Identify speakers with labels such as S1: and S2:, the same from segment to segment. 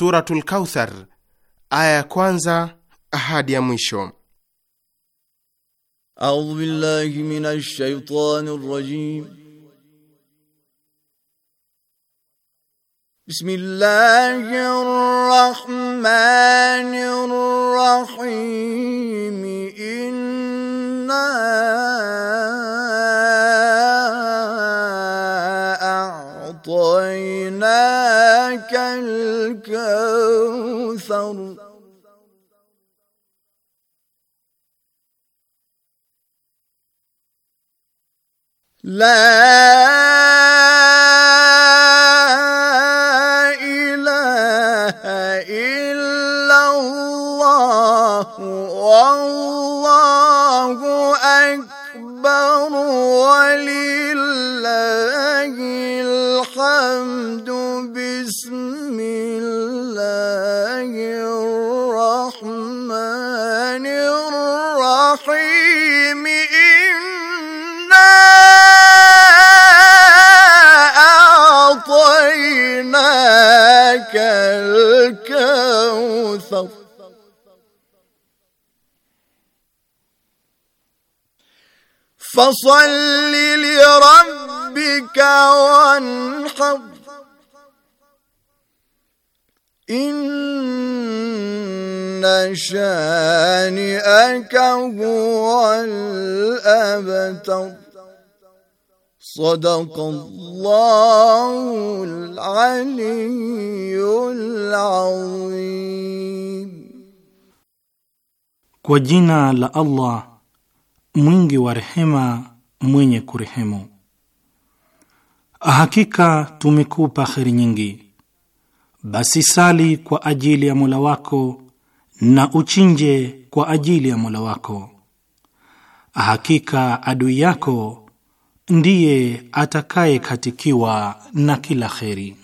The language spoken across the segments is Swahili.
S1: Suratul Kauthar aya ya kwanza hadi ya mwisho. A'udhu
S2: billahi minash shaitanir rajim. Bismillahir rahmanir rahim. Inna لك الكوثر لا إله إلا الله والله أكبر ولله الحمد بسم الله الرحمن الرحيم إنا أعطيناك الكوثر فصل لربك ربك وانحر إن شانئك هو الأبتر صدق الله العلي العظيم
S3: Kwa jina la Allah mwingi wa rehema mwenye kurehemu. Hakika tumekupa kheri nyingi, basi sali kwa ajili ya Mola wako na uchinje kwa ajili ya Mola wako. Hakika adui yako ndiye atakayekatikiwa na kila kheri.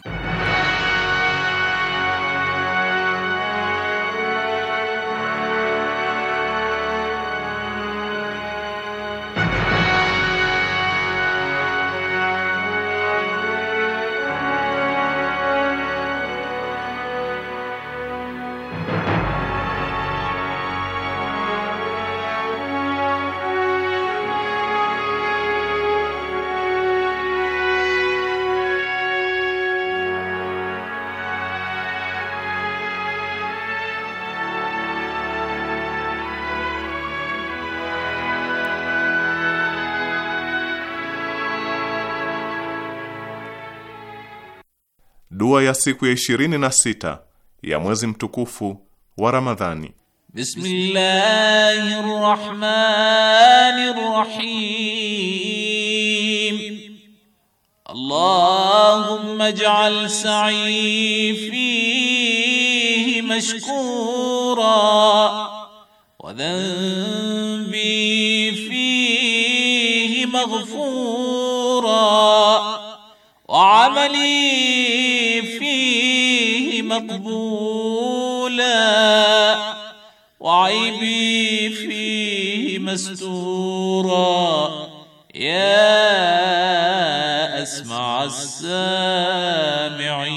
S1: Dua ya siku ya ishirini na sita ya mwezi mtukufu wa Ramadhani.
S4: Bismillahir Rahmanir Rahim. Allahumma ij'al sa'i fihi mashkura wa dhanbi مقبولا وعيبي فيه مستورا يا اسمع السامعين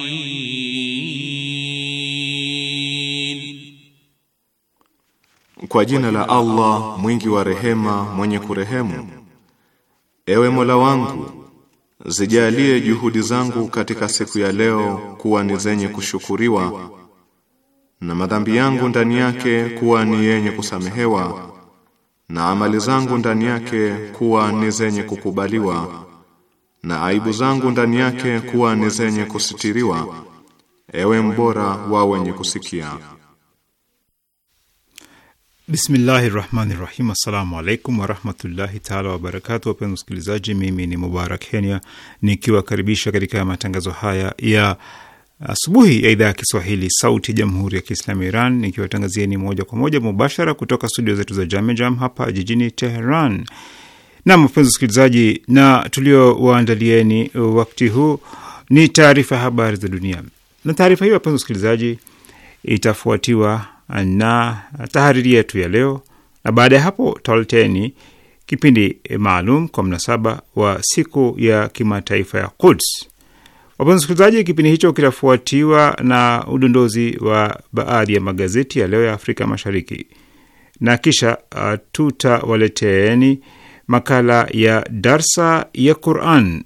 S1: as-sami'in, kwa jina la Allah mwingi wa rehema mwenye kurehemu. Ewe Mola wangu zijalie juhudi zangu katika siku ya leo kuwa ni zenye kushukuriwa na madhambi yangu ndani yake kuwa ni yenye kusamehewa na amali zangu ndani yake kuwa ni zenye kukubaliwa na aibu zangu ndani yake kuwa ni zenye kusitiriwa, ewe mbora wa wenye kusikia.
S5: Bismillahi rahmani rahim. Assalamu alaikum warahmatullahi taala wabarakatu. Wapenzi wasikilizaji, mimi ni Mubarak Kenya nikiwakaribisha katika matangazo haya ya asubuhi ya idhaa ya Kiswahili sauti ya jamhuri ya Kiislamu ya Iran nikiwatangazieni moja kwa moja mubashara kutoka studio zetu za Jamejam hapa jijini Teheran. Nam, wapenzi wasikilizaji, na tuliowaandalieni wakti huu ni taarifa ya habari za dunia, na taarifa hiyo wapenzi wasikilizaji, itafuatiwa na tahariri yetu ya leo, na baada ya hapo tawaleteni kipindi maalum kwa mnasaba wa siku ya kimataifa ya Quds. Wapenzi wasikilizaji, kipindi hicho kitafuatiwa na udondozi wa baadhi ya magazeti ya leo ya Afrika Mashariki, na kisha uh, tutawaleteeni makala ya darsa ya Quran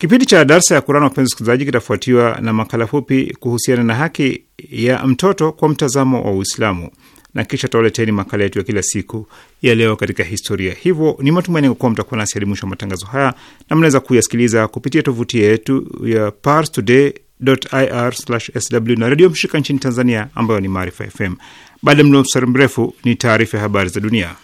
S5: Kipindi cha darsa ya Kurani, wapenzi wasikilizaji, kitafuatiwa na makala fupi kuhusiana na haki ya mtoto kwa mtazamo wa Uislamu, na kisha tawaleteni makala yetu ya kila siku ya leo katika historia. Hivyo ni matumaini yangu kuwa mtakuwa nasi hadi mwisho wa matangazo haya, na mnaweza kuyasikiliza kupitia tovuti yetu ya parstoday.ir/sw na redio mshirika nchini Tanzania ambayo ni Maarifa FM. Baada ya mlo mrefu ni taarifa ya habari za dunia.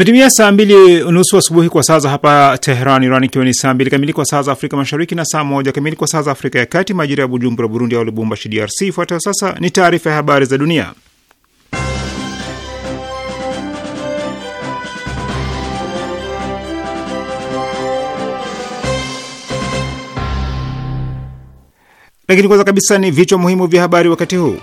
S5: Imetimia saa mbili unusu asubuhi kwa saa za hapa Teheran, Iran, ikiwa ni saa mbili kamili kwa saa za Afrika Mashariki na saa moja kamili kwa saa za Afrika ya Kati, majira ya Bujumbura, Burundi, au Lubumbashi, DRC. Ifuatayo sasa ni taarifa ya habari za dunia, lakini kwanza kabisa ni vichwa muhimu vya habari wakati huu.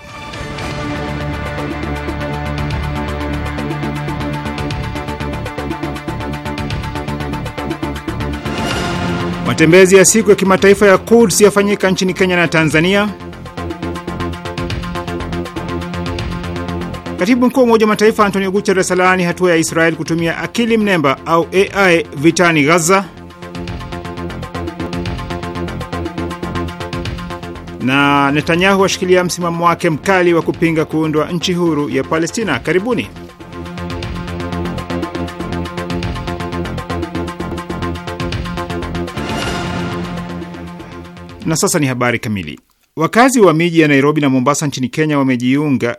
S5: Matembezi ya siku ya kimataifa ya Quds yafanyika nchini Kenya na Tanzania. Katibu mkuu wa Umoja wa Mataifa Antonio Guterres alaani hatua ya Israel kutumia akili mnemba au AI vitani Gaza. Na Netanyahu ashikilia msimamo wake mkali wa kupinga kuundwa nchi huru ya Palestina. Karibuni. Na sasa ni habari kamili. Wakazi wa miji ya Nairobi na Mombasa nchini Kenya wamejiunga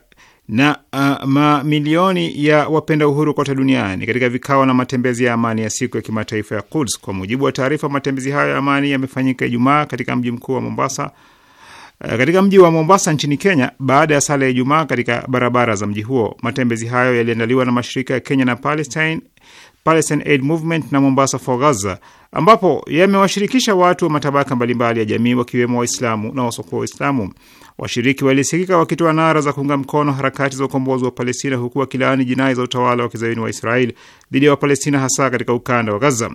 S5: na uh, mamilioni ya wapenda uhuru kote duniani katika vikao na matembezi ya amani ya siku ya kimataifa ya Quds. Kwa mujibu wa taarifa, matembezi hayo ya amani yamefanyika Ijumaa katika mji mkuu wa Mombasa, uh, katika mji wa Mombasa nchini Kenya, baada ya sala ya Ijumaa katika barabara za mji huo. Matembezi hayo yaliandaliwa na mashirika ya Kenya na Palestine Palestine Aid Movement na Mombasa for Gaza, ambapo yamewashirikisha watu wa matabaka mbalimbali ya jamii wakiwemo Waislamu na wasiokuwa Waislamu. Washiriki walisikika wakitoa nara za kuunga mkono harakati za ukombozi wa Palestina, huku wakilaani jinai za utawala wa kizayuni wa israel dhidi ya Wapalestina, hasa katika ukanda wa Gaza.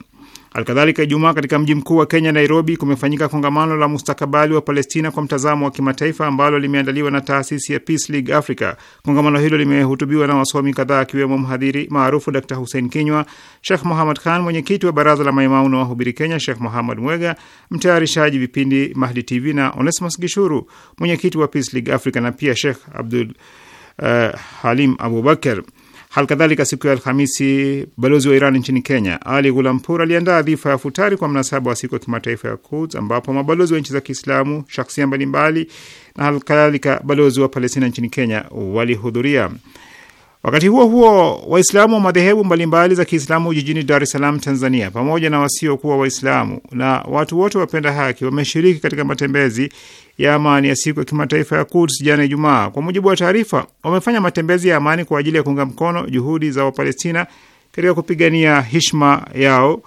S5: Alkadhalika, Ijumaa katika mji mkuu wa Kenya, Nairobi, kumefanyika kongamano la mustakabali wa Palestina kwa mtazamo wa kimataifa ambalo limeandaliwa na taasisi ya Peace League Africa. Kongamano hilo limehutubiwa na wasomi kadhaa akiwemo mhadhiri maarufu Dr Hussein Kinywa, Shekh Muhamad Khan, mwenyekiti wa baraza la maimamu na wahubiri Kenya, Shekh Muhamad Mwega, mtayarishaji vipindi Mahdi TV, na Onesimus Gishuru, mwenyekiti wa Peace League Africa, na pia Shekh Abdul uh, Halim Abubakar. Halikadhalika, siku ya Alhamisi, balozi wa Iran nchini Kenya Ali Gulampur aliandaa dhifa ya futari kwa mnasaba wa siku ya kimataifa ya Quds, ambapo mabalozi wa nchi za Kiislamu, shaksia mbalimbali na kadhalika balozi wa Palestina nchini Kenya walihudhuria. Wakati huo huo, Waislamu wa madhehebu mbalimbali za Kiislamu jijini Dar es Salaam, Tanzania, pamoja na wasiokuwa Waislamu na watu wote wapenda haki wameshiriki katika matembezi ya amani ya siku ya kimataifa ya Quds jana Ijumaa. Kwa mujibu wa taarifa, wamefanya matembezi ya amani kwa ajili ya kuunga mkono juhudi za Wapalestina katika kupigania heshima yao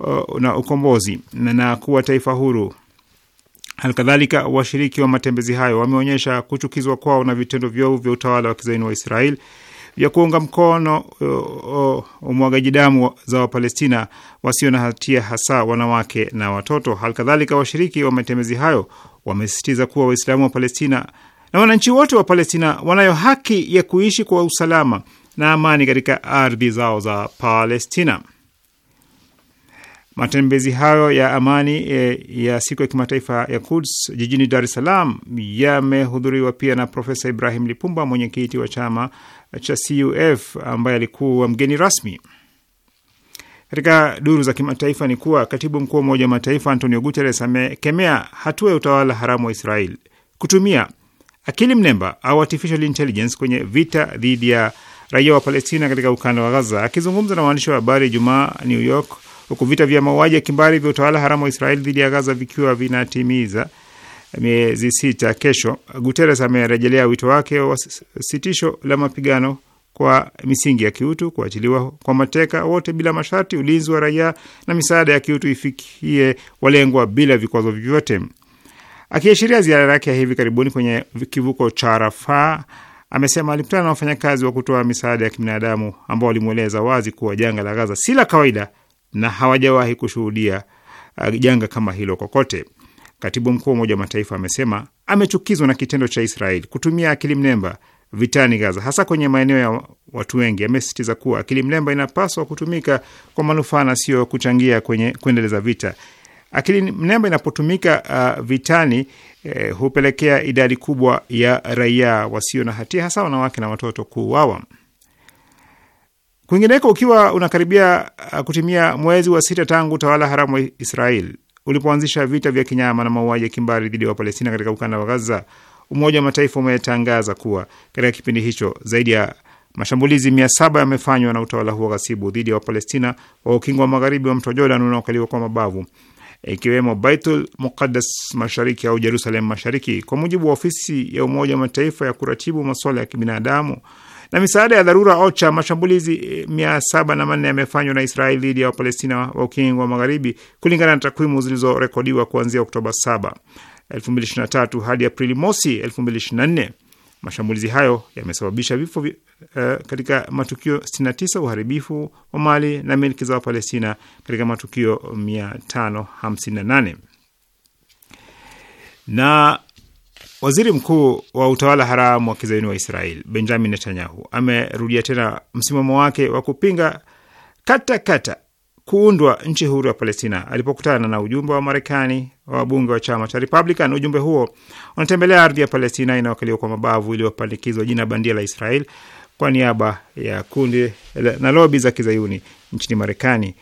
S5: uh, na ukombozi na, na kuwa taifa huru. Halikadhalika, washiriki wa matembezi hayo wameonyesha kuchukizwa kwao na vitendo vyovu vya utawala wa kizaini wa Israeli ya kuunga mkono umwagaji damu za Wapalestina wasio na hatia, hasa wanawake na watoto. Halikadhalika, washiriki wa matembezi hayo wamesisitiza kuwa Waislamu wa Palestina na wananchi wote wa Palestina wanayo haki ya kuishi kwa usalama na amani katika ardhi zao za Palestina. Matembezi hayo ya amani e, ya siku ya kimataifa ya Quds jijini Dar es Salaam yamehudhuriwa pia na Profesa Ibrahim Lipumba, mwenyekiti wa chama cha CUF ambaye alikuwa mgeni rasmi katika duru za kimataifa ni kuwa katibu mkuu wa Umoja wa Mataifa Antonio Guterres amekemea hatua ya utawala haramu wa Israel kutumia akili mnemba au artificial intelligence kwenye vita dhidi ya raia wa Palestina katika ukanda wa Gaza. Akizungumza na waandishi wa habari Jumaa New York, huku vita vya mauaji ya kimbari vya utawala haramu wa Israel dhidi ya Gaza vikiwa vinatimiza miezi sita kesho, Guterres amerejelea wito wake wa sitisho la mapigano kwa misingi ya kiutu, kuachiliwa kwa mateka wote bila masharti, ulinzi wa raia na misaada ya kiutu ifikie walengwa bila vikwazo vyovyote. Akiashiria ziara yake ya hivi karibuni kwenye kivuko cha Rafaa, amesema alikutana na wafanyakazi wa kutoa misaada ya kibinadamu ambao walimweleza wazi kuwa janga la Gaza si la kawaida na hawajawahi kushuhudia uh, janga kama hilo kokote katibu mkuu wa Umoja wa Mataifa amesema amechukizwa na kitendo cha Israel kutumia akili mnemba vitani Gaza, hasa kwenye maeneo ya watu wengi. Amesisitiza kuwa akili mnemba inapaswa kutumika kwa manufaa na sio kuchangia kwenye kuendeleza vita. Akili mnemba inapotumika uh, vitani eh, hupelekea idadi kubwa ya raia wasio na hatia, hasa wanawake na watoto kuuawa. Kwingineko, ukiwa unakaribia uh, kutimia mwezi wa sita tangu utawala haramu wa Israel ulipoanzisha vita vya kinyama na mauaji ya kimbari dhidi ya Wapalestina katika ukanda wa Gaza. Umoja wa Mataifa umetangaza kuwa katika kipindi hicho zaidi ya mashambulizi mia saba yamefanywa na utawala huo ghasibu dhidi ya Wapalestina wa ukingo wa magharibi wa mto Jordan unaokaliwa kwa mabavu ikiwemo Baitul Muqaddas mashariki au Jerusalem mashariki. Kwa mujibu wa ofisi ya Umoja wa Mataifa ya kuratibu masuala ya kibinadamu, na misaada ya dharura OCHA. Mashambulizi eh, mia saba na manne yamefanywa na Israeli dhidi ya Wapalestina wa Ukingo wa Magharibi kulingana na takwimu zilizorekodiwa kuanzia Oktoba 7, 2023 hadi Aprili mosi 2024. Mashambulizi hayo yamesababisha vifo uh, katika matukio 69, uharibifu wa mali na milki za Wapalestina katika matukio 558 na Waziri mkuu wa utawala haramu wa kizayuni wa Israel Benjamin Netanyahu amerudia tena msimamo wake wa kupinga katakata kata kuundwa nchi huru ya Palestina alipokutana na ujumbe wa Marekani wa wabunge wa chama cha Republican. Ujumbe huo unatembelea ardhi ya Palestina inayokaliwa kwa mabavu iliyopandikizwa jina bandia la Israel kwa niaba ya kundi na lobi za kizayuni nchini Marekani.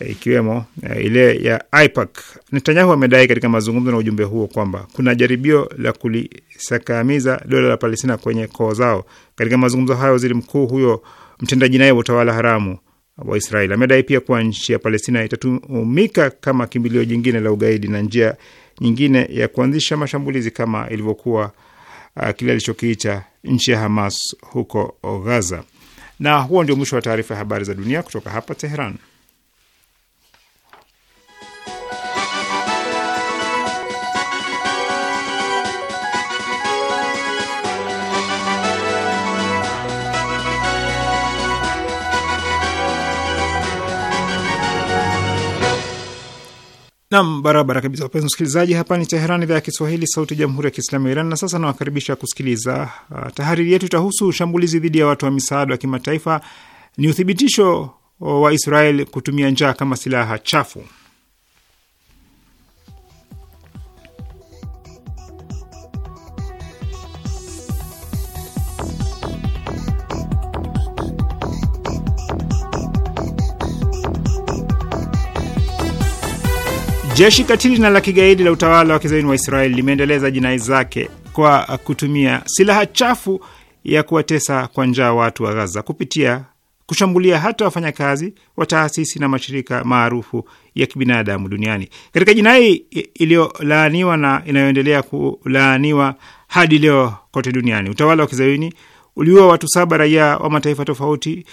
S5: Eh, ikiwemo eh, ile ya AIPAC. Netanyahu amedai katika mazungumzo na ujumbe huo kwamba kuna jaribio la kulisakamiza dola la Palestina kwenye koo zao. Katika mazungumzo hayo, waziri mkuu huyo mtendaji naye wa utawala haramu wa Israeli amedai pia kuwa nchi ya Palestina itatumika kama kimbilio jingine la ugaidi na njia nyingine ya kuanzisha mashambulizi kama ilivyokuwa uh, kile alichokiita nchi ya Hamas huko Gaza. Na huo ndio mwisho wa taarifa ya habari za dunia kutoka hapa Teheran. Nam, barabara kabisa, wapenzi msikilizaji. Hapa ni Teherani, idhaa ya Kiswahili, sauti ya jamhuri ya kiislamu ya Iran. Na sasa nawakaribisha kusikiliza uh, tahariri yetu itahusu shambulizi dhidi ya watu wa misaada wa kimataifa, ni uthibitisho wa Israel kutumia njaa kama silaha chafu. Jeshi katili na la kigaidi la utawala wa kizaini wa Israeli limeendeleza jinai zake kwa kutumia silaha chafu ya kuwatesa kwa njaa watu wa Gaza kupitia kushambulia hata wafanyakazi wa taasisi na mashirika maarufu ya kibinadamu duniani katika jinai iliyolaaniwa na inayoendelea kulaaniwa hadi leo kote duniani. Utawala wa kizayuni uliua watu saba raia wa mataifa tofauti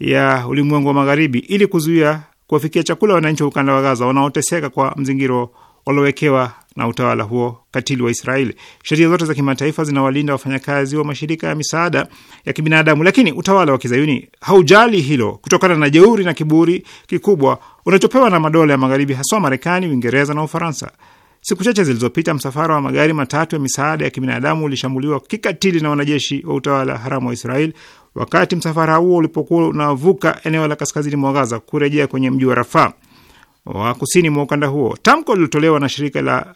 S5: ya ulimwengu wa magharibi ili kuzuia kuwafikia chakula wananchi wa ukanda wa Gaza wanaoteseka kwa mzingiro waliowekewa na utawala huo katili wa Israeli. Sheria zote za kimataifa zinawalinda wafanyakazi wa mashirika ya misaada ya kibinadamu, lakini utawala wa kizayuni haujali hilo kutokana na jeuri na kiburi kikubwa unachopewa na madola ya Magharibi, haswa Marekani, Uingereza na Ufaransa. Siku chache zilizopita msafara wa magari matatu ya misaada ya kibinadamu ulishambuliwa kikatili na wanajeshi wa utawala haramu wa Israeli wakati msafara huo ulipokuwa unavuka eneo la kaskazini mwa Gaza kurejea kwenye mji wa Rafaa wa kusini mwa ukanda huo. Tamko lililotolewa na shirika la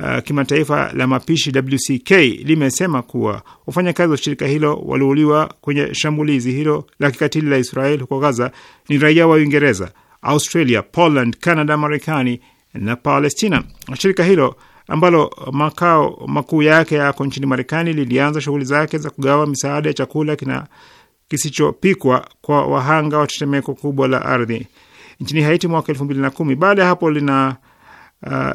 S5: uh, kimataifa la mapishi WCK limesema kuwa wafanyakazi wa shirika hilo waliuliwa kwenye shambulizi hilo la kikatili la Israel huko Gaza ni raia wa Uingereza, Australia, Poland, Canada, Marekani na Palestina. Shirika hilo ambalo makao makuu yake yako nchini Marekani lilianza shughuli zake za kugawa misaada ya chakula kina kisichopikwa kwa wahanga wa tetemeko kubwa la ardhi nchini Haiti mwaka elfu mbili na kumi. Baada ya hapo lina uh,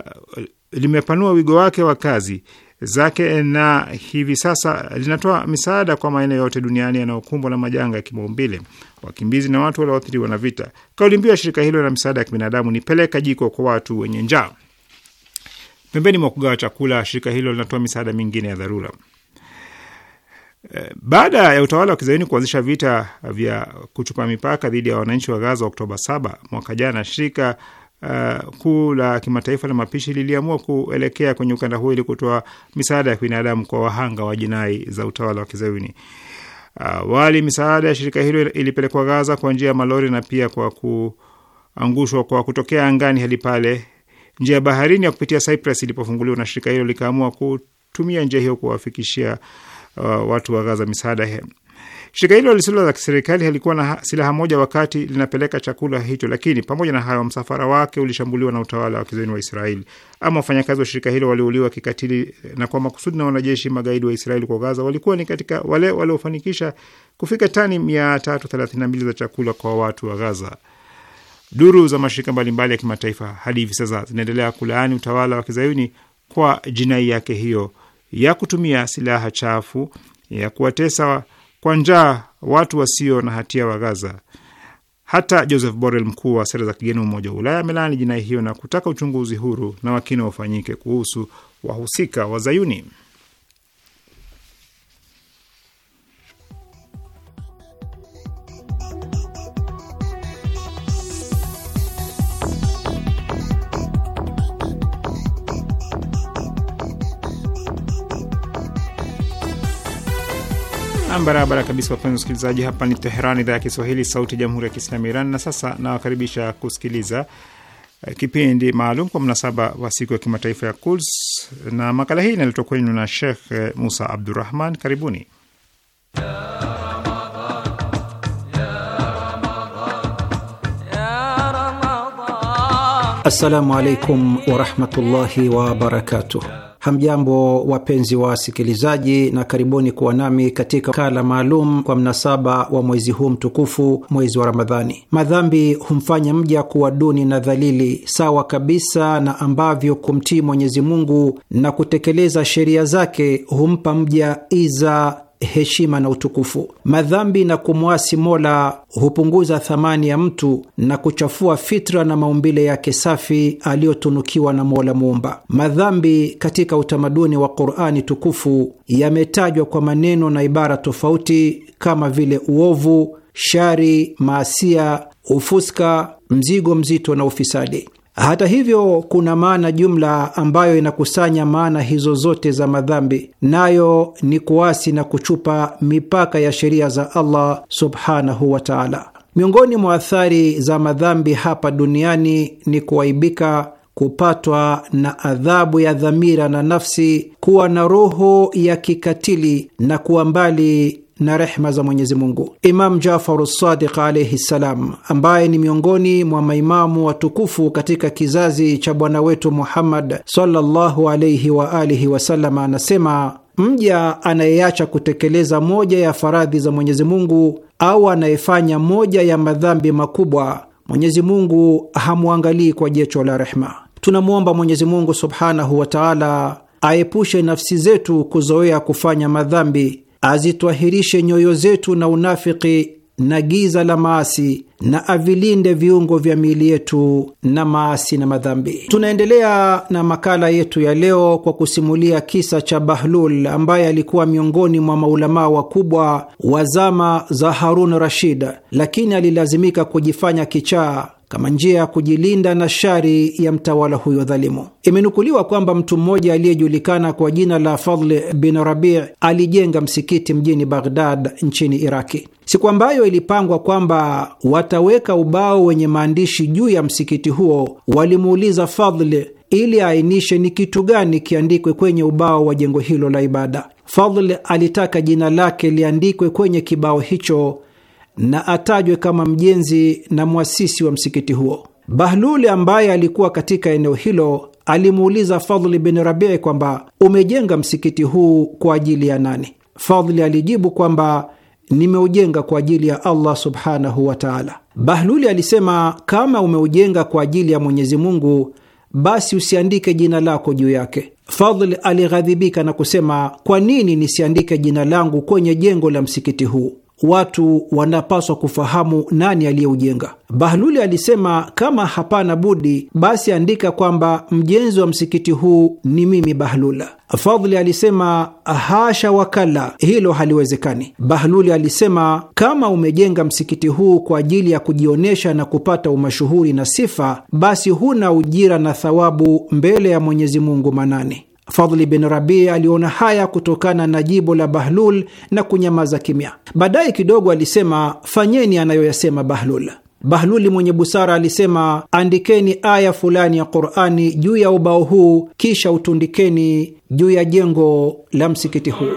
S5: limepanua wigo wake wa kazi zake na hivi sasa linatoa misaada kwa maeneo yote duniani yanayokumbwa na majanga ya kimaumbile, wakimbizi na watu walioathiriwa na vita. Kauli mbiu ya shirika hilo la misaada ya kibinadamu ni peleka jiko kwa watu wenye njaa. Pembeni mwa kugawa chakula, shirika hilo linatoa misaada mingine ya dharura. Eh, baada ya utawala wa kizaini kuanzisha vita vya kuchupa mipaka dhidi ya wananchi wa Gaza Oktoba 7 mwaka jana, shirika uh, kuu la kimataifa la mapishi liliamua kuelekea kwenye ukanda huo ili kutoa misaada ya kibinadamu kwa wahanga wa jinai za utawala wa kizaini. Awali uh, misaada ya shirika hilo ilipelekwa Gaza kwa njia ya malori na pia kwa kuangushwa kwa kutokea angani hadi pale njia ya baharini ya kupitia Cyprus ilipofunguliwa na shirika hilo likaamua kutumia njia hiyo kuwafikishia uh, watu wa Gaza misaada Shirika hilo lisilo la kiserikali halikuwa na silaha moja wakati linapeleka chakula hicho, lakini pamoja na hayo, msafara wake ulishambuliwa na utawala wa kizayuni wa Israeli. Ama wafanyakazi wa shirika hilo waliuliwa kikatili na kwa makusudi na wanajeshi magaidi wa Israeli kwa Gaza walikuwa ni katika wale waliofanikisha kufika tani 332 za chakula kwa watu wa Gaza. Duru za mashirika mbalimbali ya kimataifa hadi hivi sasa zinaendelea kulaani utawala wa kizayuni kwa jinai yake hiyo ya kutumia silaha chafu ya kuwatesa kwa njaa watu wasio na hatia wa Gaza. Hata Joseph Borrell, mkuu wa sera za kigeni Umoja wa Ulaya, amelaani jinai hiyo na kutaka uchunguzi huru na wakina wafanyike ufanyike kuhusu wahusika wa Zayuni. Barabara kabisa, wapenzi wasikilizaji, hapa ni Teheran, idhaa ya Kiswahili, sauti ya jamhuri ya kiislamu Iran. Na sasa nawakaribisha kusikiliza eh, kipindi maalum kwa mnasaba wa siku ya kimataifa ya Quds, na makala hii inaletwa kwenu na Shekh eh, Musa Abdurahman. Karibuni.
S6: Assalamu alaikum warahmatullahi wabarakatuh. Hamjambo, wapenzi wa wasikilizaji, na karibuni kuwa nami katika kala maalum kwa mnasaba wa mwezi huu mtukufu, mwezi wa Ramadhani. Madhambi humfanya mja kuwa duni na dhalili, sawa kabisa na ambavyo kumtii Mwenyezi Mungu na kutekeleza sheria zake humpa mja iza heshima na utukufu. Madhambi na kumwasi Mola hupunguza thamani ya mtu na kuchafua fitra na maumbile yake safi aliyotunukiwa na Mola Muumba. Madhambi katika utamaduni wa Qurani tukufu yametajwa kwa maneno na ibara tofauti kama vile uovu, shari, maasia, ufuska, mzigo mzito na ufisadi. Hata hivyo, kuna maana jumla ambayo inakusanya maana hizo zote za madhambi, nayo ni kuasi na kuchupa mipaka ya sheria za Allah subhanahu wa taala. Miongoni mwa athari za madhambi hapa duniani ni kuaibika, kupatwa na adhabu ya dhamira na nafsi, kuwa na roho ya kikatili na kuwa mbali na rehma za Mwenyezi Mungu. Imam Jafaru Sadiq alaihi ssalam, ambaye ni miongoni mwa maimamu watukufu katika kizazi cha bwana wetu Muhammad sallallahu alaihi wa alihi wasalama, anasema mja anayeacha kutekeleza moja ya faradhi za Mwenyezi Mungu au anayefanya moja ya madhambi makubwa, Mwenyezi Mungu hamwangalii kwa jecho la rehma. Tunamwomba Mwenyezi Mungu subhanahu wa taala aepushe nafsi zetu kuzoea kufanya madhambi azitwahirishe nyoyo zetu na unafiki na giza la maasi na avilinde viungo vya miili yetu na maasi na madhambi. Tunaendelea na makala yetu ya leo kwa kusimulia kisa cha Bahlul ambaye alikuwa miongoni mwa maulamaa wakubwa wa zama za Harun Rashid, lakini alilazimika kujifanya kichaa kama njia ya kujilinda na shari ya mtawala huyo dhalimu. Imenukuliwa kwamba mtu mmoja aliyejulikana kwa jina la Fadli bin Rabi alijenga msikiti mjini Baghdad nchini Iraki. Siku ambayo ilipangwa kwamba wataweka ubao wenye maandishi juu ya msikiti huo, walimuuliza fadl ili aainishe ni kitu gani kiandikwe kwenye ubao wa jengo hilo la ibada. Fadl alitaka jina lake liandikwe kwenye kibao hicho na atajwe kama mjenzi na mwasisi wa msikiti huo. Bahluli ambaye alikuwa katika eneo hilo alimuuliza Fadhli bin Rabii kwamba umejenga msikiti huu kwa ajili ya nani? Fadhli alijibu kwamba nimeujenga kwa ajili ya Allah subhanahu wa taala. Bahluli alisema, kama umeujenga kwa ajili ya Mwenyezi Mungu, basi usiandike jina lako juu yake. Fadhl alighadhibika na kusema, kwa nini nisiandike jina langu kwenye jengo la msikiti huu? watu wanapaswa kufahamu nani aliyeujenga. Bahluli alisema, kama hapana budi, basi andika kwamba mjenzi wa msikiti huu ni mimi Bahlula. Fadhli alisema, hasha wakala, hilo haliwezekani. Bahluli alisema, kama umejenga msikiti huu kwa ajili ya kujionyesha na kupata umashuhuri na sifa, basi huna ujira na thawabu mbele ya Mwenyezi Mungu Manane. Fadhli bin Rabii aliona haya kutokana na jibo la Bahlul na kunyamaza kimya. Baadaye kidogo alisema, fanyeni anayoyasema Bahlul. Bahluli mwenye busara alisema, andikeni aya fulani ya Qurani juu ya ubao huu, kisha utundikeni juu ya jengo la msikiti huu.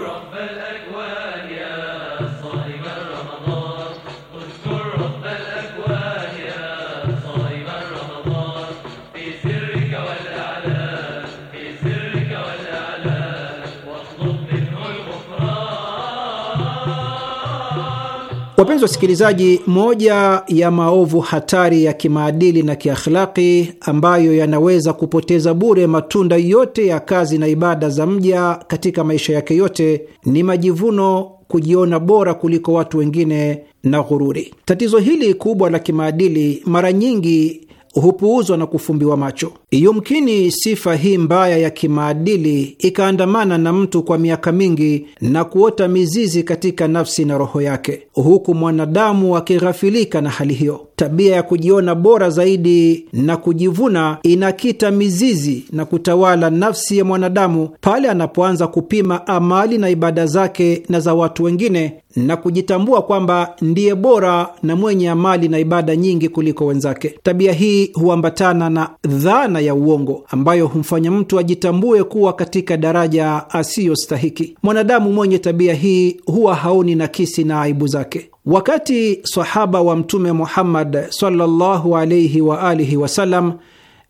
S6: Wapenzi wasikilizaji, moja ya maovu hatari ya kimaadili na kiakhlaki ambayo yanaweza kupoteza bure matunda yote ya kazi na ibada za mja katika maisha yake yote ni majivuno, kujiona bora kuliko watu wengine na ghururi. Tatizo hili kubwa la kimaadili mara nyingi hupuuzwa na kufumbiwa macho. Yumkini sifa hii mbaya ya kimaadili ikaandamana na mtu kwa miaka mingi na kuota mizizi katika nafsi na roho yake, huku mwanadamu akighafilika na hali hiyo. Tabia ya kujiona bora zaidi na kujivuna inakita mizizi na kutawala nafsi ya mwanadamu pale anapoanza kupima amali na ibada zake na za watu wengine na kujitambua kwamba ndiye bora na mwenye amali na ibada nyingi kuliko wenzake. Tabia hii huambatana na dhana ya uongo ambayo humfanya mtu ajitambue kuwa katika daraja asiyostahiki. Mwanadamu mwenye tabia hii huwa haoni nakisi na aibu zake. Wakati sahaba wa Mtume Muhammad sallallahu alaihi wa alihi wasallam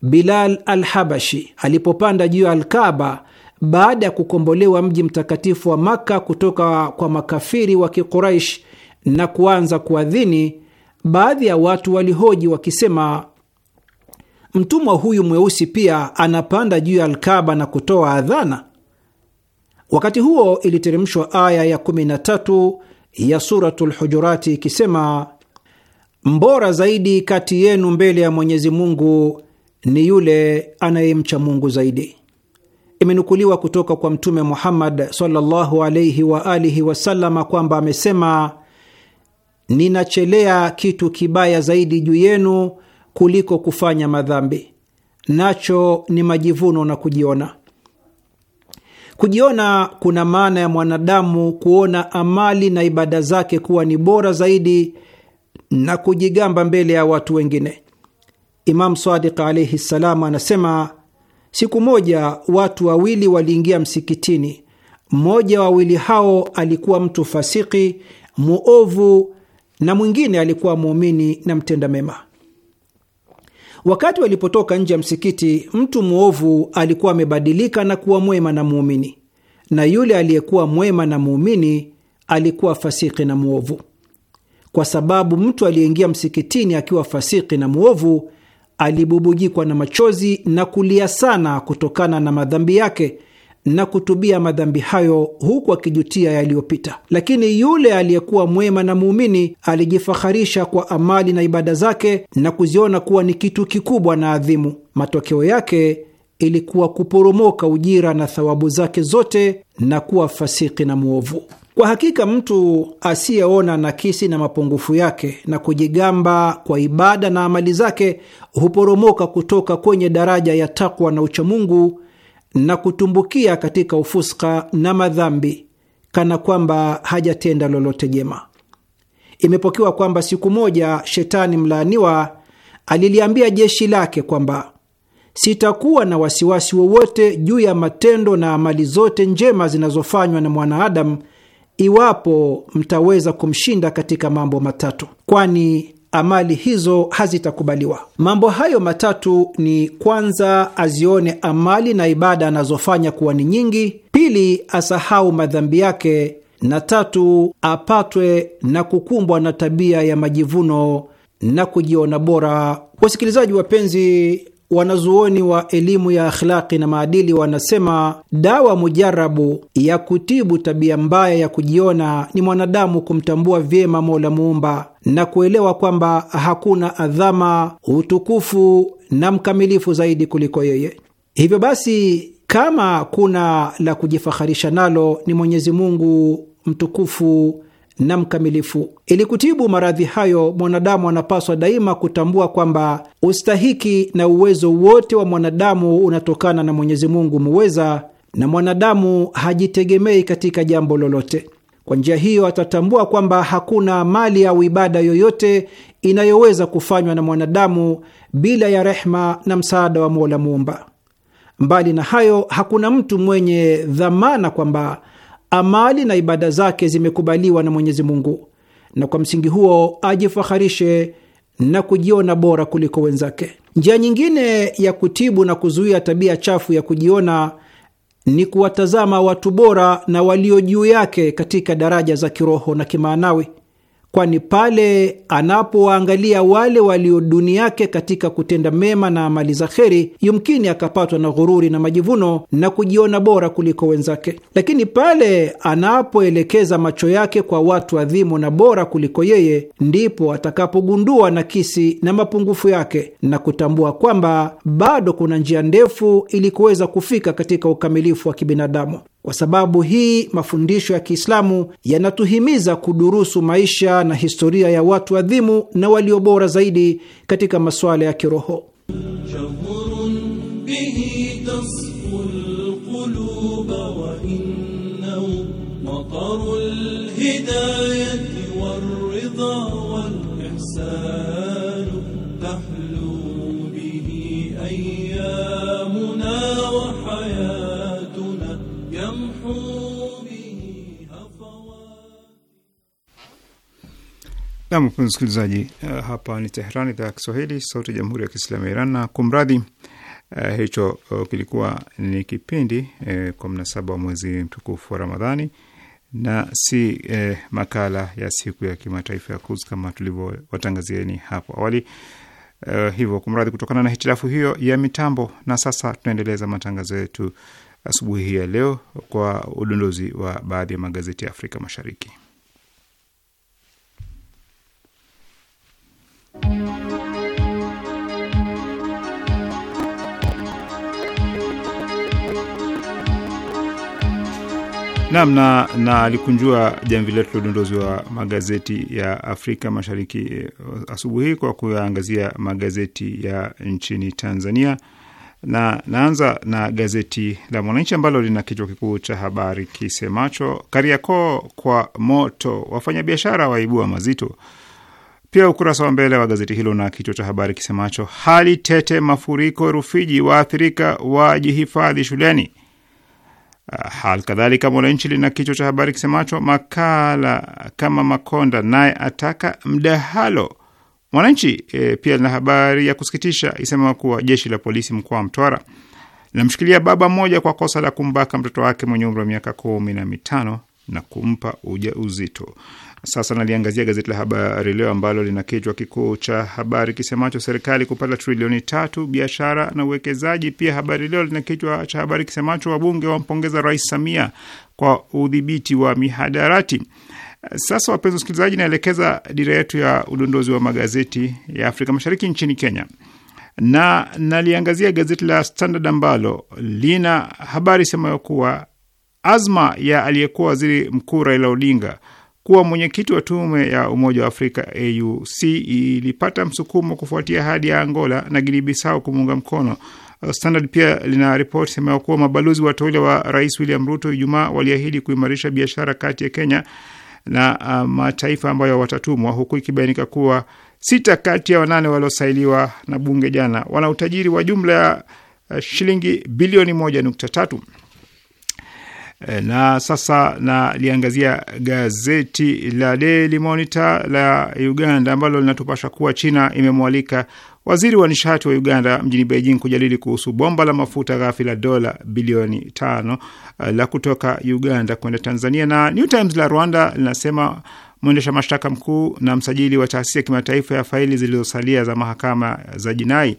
S6: Bilal alhabashi alipopanda juu ya Alkaba baada ya kukombolewa mji mtakatifu wa Makka kutoka kwa makafiri wa Kiquraish na kuanza kuadhini, baadhi ya watu walihoji wakisema, mtumwa huyu mweusi pia anapanda juu ya Alkaba na kutoa adhana. Wakati huo iliteremshwa aya ya 13 ya Suratul Hujurati ikisema, mbora zaidi kati yenu mbele ya Mwenyezi Mungu ni yule anayemcha Mungu zaidi. Imenukuliwa kutoka kwa Mtume Muhammad sallallahu alaihi wa alihi kwamba amesema, ninachelea kitu kibaya zaidi juu yenu kuliko kufanya madhambi, nacho ni majivuno na kujiona. Kujiona kuna maana ya mwanadamu kuona amali na ibada zake kuwa ni bora zaidi na kujigamba mbele ya watu wengine. Imam Sadiq alaihi ssalam anasema Siku moja watu wawili waliingia msikitini. Mmoja wawili hao alikuwa mtu fasiki muovu, na mwingine alikuwa muumini na mtenda mema. Wakati walipotoka nje ya msikiti, mtu mwovu alikuwa amebadilika na kuwa mwema na muumini, na yule aliyekuwa mwema na muumini alikuwa fasiki na mwovu. Kwa sababu mtu aliyeingia msikitini akiwa fasiki na mwovu alibubujikwa na machozi na kulia sana kutokana na madhambi yake na kutubia madhambi hayo huku akijutia yaliyopita. Lakini yule aliyekuwa mwema na muumini alijifaharisha kwa amali na ibada zake na kuziona kuwa ni kitu kikubwa na adhimu. Matokeo yake ilikuwa kuporomoka ujira na thawabu zake zote na kuwa fasiki na mwovu. Kwa hakika mtu asiyeona nakisi na mapungufu yake na kujigamba kwa ibada na amali zake huporomoka kutoka kwenye daraja ya takwa na uchamungu na kutumbukia katika ufuska na madhambi, kana kwamba hajatenda lolote jema. Imepokewa kwamba siku moja Shetani mlaaniwa aliliambia jeshi lake kwamba sitakuwa na wasiwasi wowote juu ya matendo na amali zote njema zinazofanywa na mwanaadamu iwapo mtaweza kumshinda katika mambo matatu, kwani amali hizo hazitakubaliwa. Mambo hayo matatu ni kwanza, azione amali na ibada anazofanya kuwa ni nyingi; pili, asahau madhambi yake; na tatu, apatwe na kukumbwa na tabia ya majivuno na kujiona bora. Wasikilizaji wapenzi, wanazuoni wa elimu ya akhlaki na maadili wanasema dawa mujarabu ya kutibu tabia mbaya ya kujiona ni mwanadamu kumtambua vyema Mola muumba na kuelewa kwamba hakuna adhama, utukufu na mkamilifu zaidi kuliko yeye. Hivyo basi, kama kuna la kujifaharisha nalo ni Mwenyezi Mungu mtukufu na mkamilifu. Ili kutibu maradhi hayo, mwanadamu anapaswa daima kutambua kwamba ustahiki na uwezo wote wa mwanadamu unatokana na Mwenyezi Mungu muweza, na mwanadamu hajitegemei katika jambo lolote. Kwa njia hiyo atatambua kwamba hakuna mali au ibada yoyote inayoweza kufanywa na mwanadamu bila ya rehma na msaada wa Mola Muumba. Mbali na hayo, hakuna mtu mwenye dhamana kwamba amali na ibada zake zimekubaliwa na Mwenyezi Mungu, na kwa msingi huo ajifaharishe na kujiona bora kuliko wenzake. Njia nyingine ya kutibu na kuzuia tabia chafu ya kujiona ni kuwatazama watu bora na walio juu yake katika daraja za kiroho na kimaanawi kwani pale anapowaangalia wale walio duni yake katika kutenda mema na amali za kheri, yumkini akapatwa na ghururi na majivuno na kujiona bora kuliko wenzake. Lakini pale anapoelekeza macho yake kwa watu adhimu na bora kuliko yeye, ndipo atakapogundua nakisi na mapungufu yake na kutambua kwamba bado kuna njia ndefu ili kuweza kufika katika ukamilifu wa kibinadamu. Kwa sababu hii, mafundisho ya Kiislamu yanatuhimiza kudurusu maisha na historia ya watu adhimu na walio bora zaidi katika masuala ya kiroho.
S5: Nam mpenzi msikilizaji, uh, hapa ni Tehran, idhaa ya Kiswahili, sauti ya jamhuri ya kiislamu ya Iran. Na kumradhi, uh, hicho uh, kilikuwa ni kipindi uh, kwa mnasaba wa mwezi mtukufu wa Ramadhani na si uh, makala ya siku ya kimataifa ya Quds kama tulivyowatangazieni hapo awali. Uh, hivyo kumradhi kutokana na hitilafu hiyo ya mitambo. Na sasa tunaendeleza matangazo yetu asubuhi hii ya leo kwa udondozi wa baadhi ya magazeti ya Afrika Mashariki. Nam na, na alikunjua jamvi letu la udondozi wa magazeti ya Afrika Mashariki eh, asubuhi kwa kuyaangazia magazeti ya nchini Tanzania, na naanza na gazeti la Mwananchi ambalo lina kichwa kikuu cha habari kisemacho Kariakoo kwa moto, wafanyabiashara waibua mazito. Pia ukurasa wa mbele wa gazeti hilo na kichwa cha habari kisemacho hali tete, mafuriko Rufiji, waathirika wajihifadhi shuleni. Ah, hal kadhalika Mwananchi lina kichwa cha habari kisemacho makala kama Makonda naye ataka mdahalo. Mwananchi e, pia lina habari ya kusikitisha isema kuwa jeshi la polisi mkoa wa Mtwara linamshikilia baba mmoja kwa kosa la kumbaka mtoto wake mwenye umri wa miaka kumi na mitano na kumpa ujauzito. Sasa naliangazia gazeti la Habari Leo ambalo lina kichwa kikuu cha habari kisemacho serikali kupata trilioni tatu biashara na uwekezaji. Pia Habari Leo lina kichwa cha habari kisemacho wabunge wampongeza Rais Samia kwa udhibiti wa mihadarati. Sasa wapenzi wasikilizaji, naelekeza dira yetu ya udondozi wa magazeti ya Afrika Mashariki nchini Kenya na naliangazia gazeti la Standard ambalo lina habari semayo kuwa azma ya aliyekuwa waziri mkuu Raila Odinga kuwa mwenyekiti wa tume ya Umoja wa Afrika AUC ilipata msukumo kufuatia hadi ya Angola na Guinea-Bissau kumuunga mkono. Uh, Standard pia lina ripoti semewa kuwa mabalozi wateule wa Rais William Ruto Ijumaa waliahidi kuimarisha biashara kati ya Kenya na uh, mataifa ambayo watatumwa, huku ikibainika kuwa sita kati ya wanane waliosailiwa na bunge jana wana utajiri wa jumla ya uh, shilingi bilioni moja nukta tatu. Eh, na sasa naliangazia gazeti la Daily Monitor la Uganda ambalo linatupasha kuwa China imemwalika waziri wa nishati wa Uganda mjini Beijing kujadili kuhusu bomba la mafuta ghafi la dola bilioni tano eh, la kutoka Uganda kwenda Tanzania. Na New Times la Rwanda linasema mwendesha mashtaka mkuu na msajili wa taasisi ya kimataifa ya faili zilizosalia za mahakama za jinai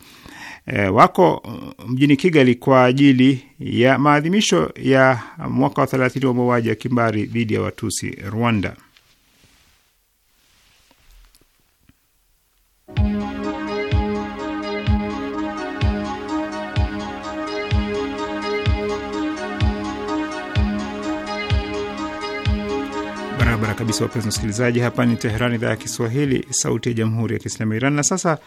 S5: e, wako mm, mjini Kigali kwa ajili ya maadhimisho ya mwaka wa thelathini wa mauaji ya kimbari dhidi ya Watusi Rwanda. Barabara kabisa, wapenzi wasikilizaji, hapa ni teheran idhaa ya Kiswahili, sauti ya jamhuri ya kiislamu ya Iran. Na sasa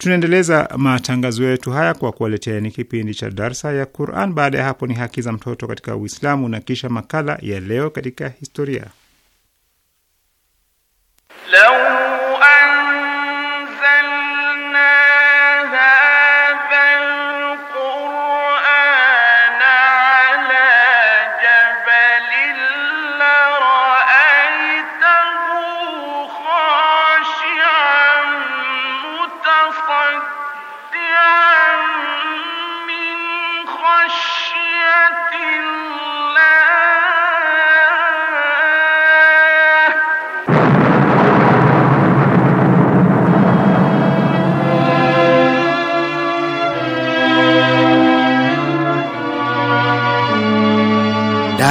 S5: Tunaendeleza matangazo yetu haya kwa kuwaletea ni kipindi cha darsa ya Quran. Baada ya hapo ni haki za mtoto katika Uislamu na kisha makala ya leo katika historia
S2: Leo.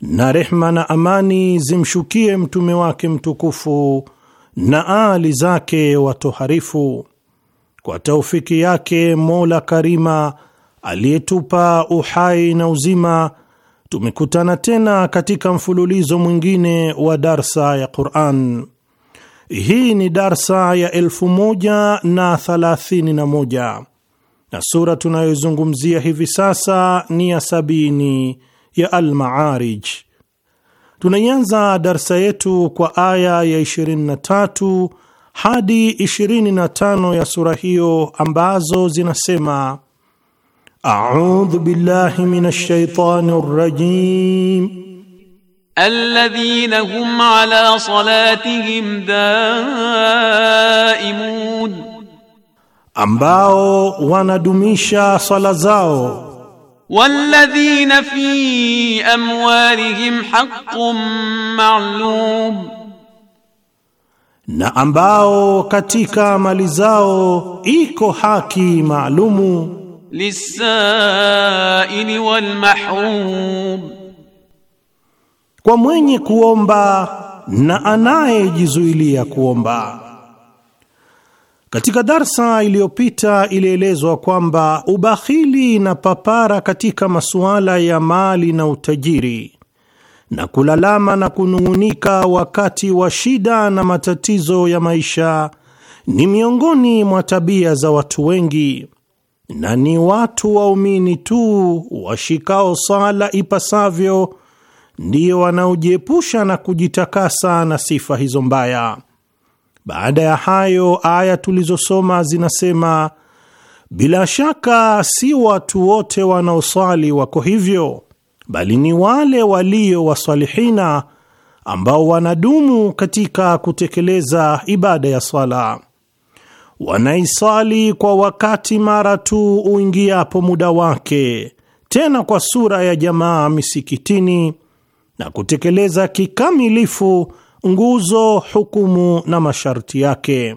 S3: na rehma na amani zimshukie mtume wake mtukufu na aali zake watoharifu. Kwa taufiki yake Mola Karima aliyetupa uhai na uzima, tumekutana tena katika mfululizo mwingine wa darsa ya Quran. Hii ni darsa ya elfu moja na thalathini na moja na sura tunayozungumzia hivi sasa ni ya sabini ya Al-Ma'arij. Tunaianza darsa yetu kwa aya ya 23 hadi 25 ya sura hiyo ambazo zinasema: A'udhu billahi minash shaitani rrajim
S4: alladhina hum ala salatihim daimun,
S3: ambao wanadumisha sala zao
S4: walladhina fi amwalihim haqqun ma'lum,
S3: na ambao katika mali zao iko haki maalumu.
S4: Lisaili wal mahrum,
S3: kwa mwenye kuomba na anayejizuilia kuomba. Katika darsa iliyopita ilielezwa kwamba ubakhili na papara katika masuala ya mali na utajiri na kulalama na kunung'unika wakati wa shida na matatizo ya maisha ni miongoni mwa tabia za watu wengi, na ni watu waumini tu washikao sala ipasavyo ndiyo wanaojiepusha na kujitakasa na sifa hizo mbaya. Baada ya hayo, aya tulizosoma zinasema bila shaka si watu wote wanaoswali wako hivyo, bali ni wale walio wasalihina ambao wanadumu katika kutekeleza ibada ya swala. Wanaisali kwa wakati mara tu uingiapo muda wake, tena kwa sura ya jamaa misikitini, na kutekeleza kikamilifu nguzo, hukumu na masharti yake.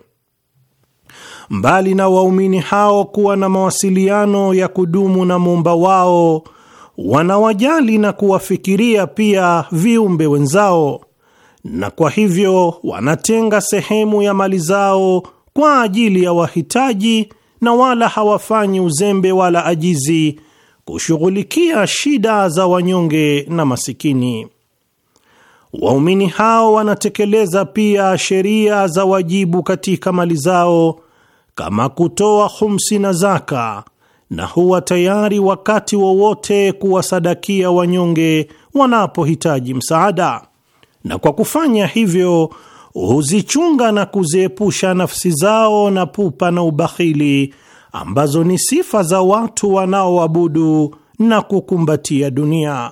S3: Mbali na waumini hao kuwa na mawasiliano ya kudumu na muumba wao, wanawajali na kuwafikiria pia viumbe wenzao, na kwa hivyo wanatenga sehemu ya mali zao kwa ajili ya wahitaji na wala hawafanyi uzembe wala ajizi kushughulikia shida za wanyonge na masikini. Waumini hao wanatekeleza pia sheria za wajibu katika mali zao kama kutoa humsi na zaka, na huwa tayari wakati wowote kuwasadakia wanyonge wanapohitaji msaada, na kwa kufanya hivyo huzichunga na kuziepusha nafsi zao na pupa na ubakhili ambazo ni sifa za watu wanaoabudu na kukumbatia dunia.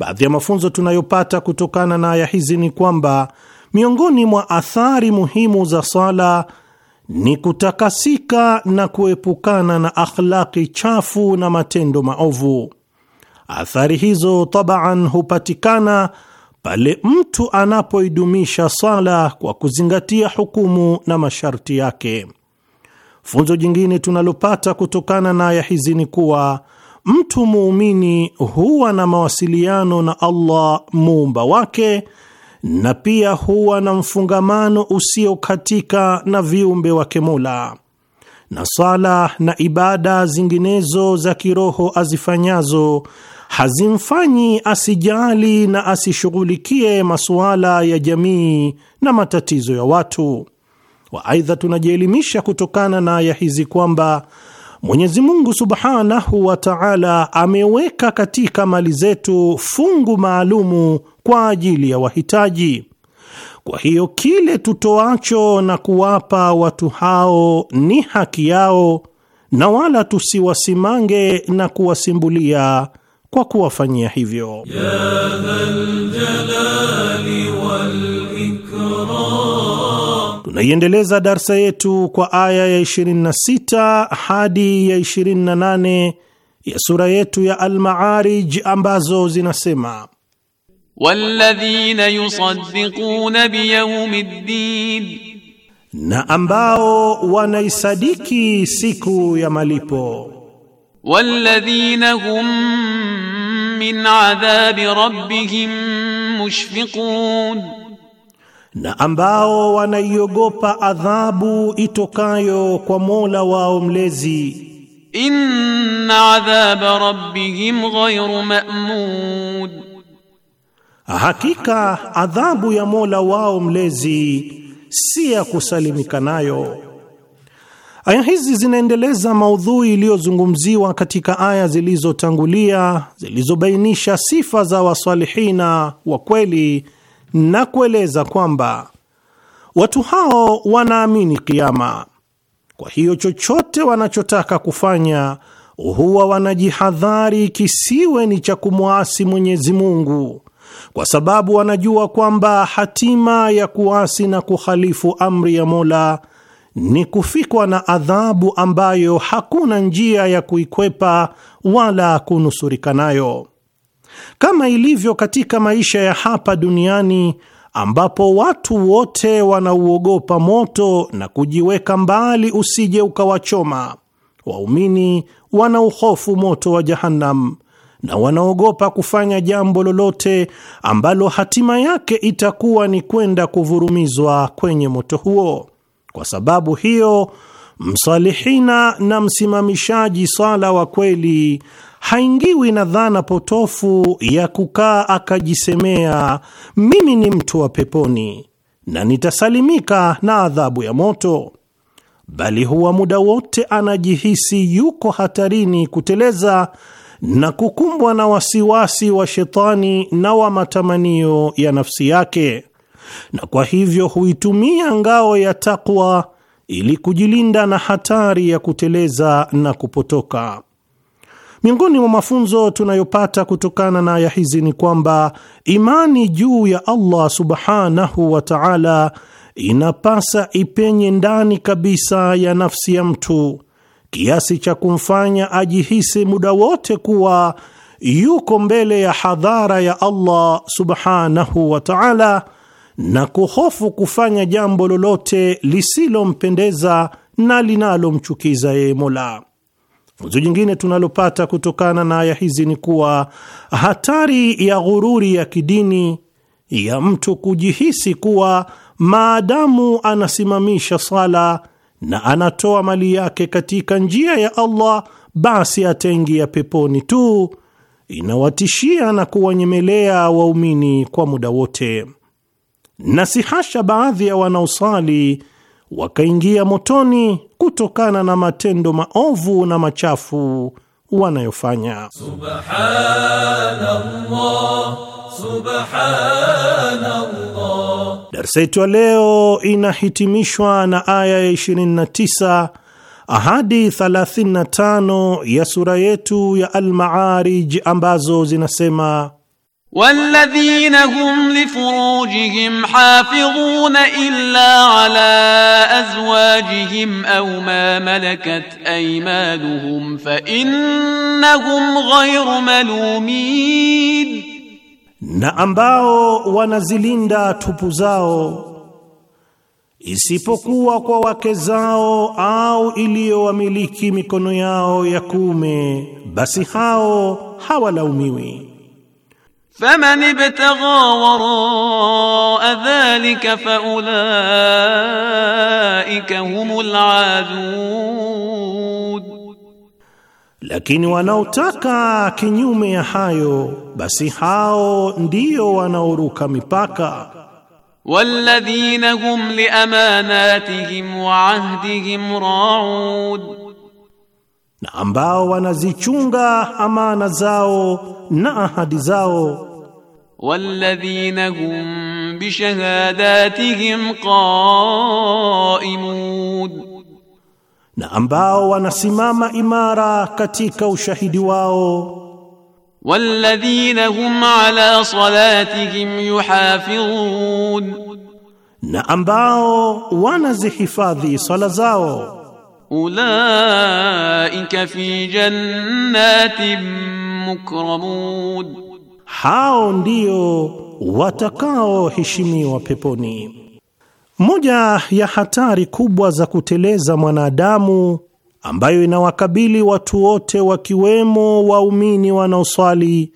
S3: Baadhi ya mafunzo tunayopata kutokana na aya hizi ni kwamba miongoni mwa athari muhimu za sala ni kutakasika na kuepukana na akhlaki chafu na matendo maovu. Athari hizo tabaan hupatikana pale mtu anapoidumisha sala kwa kuzingatia hukumu na masharti yake. Funzo jingine tunalopata kutokana na aya hizi ni kuwa mtu muumini huwa na mawasiliano na Allah muumba wake na pia huwa na mfungamano usiokatika na viumbe wake Mola, na sala na ibada zinginezo za kiroho azifanyazo hazimfanyi asijali na asishughulikie masuala ya jamii na matatizo ya watu wa. Aidha, tunajielimisha kutokana na aya hizi kwamba Mwenyezi Mungu Subhanahu wa Ta'ala ameweka katika mali zetu fungu maalumu kwa ajili ya wahitaji. Kwa hiyo kile tutoacho na kuwapa watu hao ni haki yao, na wala tusiwasimange na kuwasimbulia kwa kuwafanyia hivyo ya tunaiendeleza darsa yetu kwa aya ya 26 hadi ya 28 ya sura yetu ya Al-Ma'arij ambazo zinasema
S4: walladhina yusaddiquna biyawmiddin, na ambao
S3: wanaisadiki siku ya malipo.
S4: Walladhina hum min adhabi rabbihim mushfiqun
S3: na ambao wanaiogopa adhabu itokayo kwa Mola wao mlezi.
S4: Inna adhab rabbihim ghayru ma'mud, hakika
S3: adhabu ya Mola wao mlezi si ya kusalimika nayo. Aya hizi zinaendeleza maudhui iliyozungumziwa katika aya zilizotangulia zilizobainisha sifa za wasalihina wa kweli na kueleza kwamba watu hao wanaamini kiama, kwa hiyo chochote wanachotaka kufanya huwa wanajihadhari kisiwe ni cha kumwasi Mwenyezi Mungu, kwa sababu wanajua kwamba hatima ya kuasi na kuhalifu amri ya Mola ni kufikwa na adhabu ambayo hakuna njia ya kuikwepa wala kunusurika nayo kama ilivyo katika maisha ya hapa duniani ambapo watu wote wanauogopa moto na kujiweka mbali usije ukawachoma. Waumini wanauhofu moto wa Jahannam na wanaogopa kufanya jambo lolote ambalo hatima yake itakuwa ni kwenda kuvurumizwa kwenye moto huo. Kwa sababu hiyo, msalihina na msimamishaji sala wa kweli haingiwi na dhana potofu ya kukaa akajisemea mimi ni mtu wa peponi na nitasalimika na adhabu ya moto, bali huwa muda wote anajihisi yuko hatarini kuteleza na kukumbwa na wasiwasi wa shetani na wa matamanio ya nafsi yake, na kwa hivyo huitumia ngao ya takwa ili kujilinda na hatari ya kuteleza na kupotoka. Miongoni mwa mafunzo tunayopata kutokana na aya hizi ni kwamba imani juu ya Allah subhanahu wa ta'ala inapasa ipenye ndani kabisa ya nafsi ya mtu kiasi cha kumfanya ajihisi muda wote kuwa yuko mbele ya hadhara ya Allah subhanahu wa ta'ala na kuhofu kufanya jambo lolote lisilompendeza na linalomchukiza yeye Mola. Funzo jingine tunalopata kutokana na aya hizi ni kuwa hatari ya ghururi ya kidini ya mtu kujihisi kuwa maadamu anasimamisha sala na anatoa mali yake katika njia ya Allah basi ataingia peponi tu, inawatishia na kuwanyemelea waumini kwa muda wote, na si hasha baadhi ya wanaosali wakaingia motoni kutokana na matendo maovu na machafu wanayofanya. Subhanallah, subhanallah. Darsa yetu ya leo inahitimishwa na aya ya 29 ahadi 35 ya sura yetu ya Almaarij ambazo zinasema
S4: والذين هم لفروجهم حافظون إلا على أزواجهم أو ما ملكت أيمانهم فإنهم
S3: غير ملومين na ambao wanazilinda tupu zao isipokuwa kwa wake zao au iliyowamiliki mikono yao ya kuume, basi hao hawalaumiwi.
S4: فمن ابتغى وراء ذلك فأولئك هم العادون
S3: lakini wanaotaka kinyume ya hayo basi hao ndio wanaoruka mipaka
S4: walladhina hum liamanatihim wa ahdihim raud
S3: na ambao wanazichunga amana zao na ahadi zao
S4: والذين هم بشهاداتهم قائمون
S3: na ambao wanasimama imara katika ushahidi wao
S4: walladhina hum ala salatihim yuhafizun na ambao wanazihifadhi sala zao ulaika fi jannatin mukramun
S3: hao ndio watakaoheshimiwa peponi. Moja ya hatari kubwa za kuteleza mwanadamu ambayo inawakabili watu wote wakiwemo waumini wanaoswali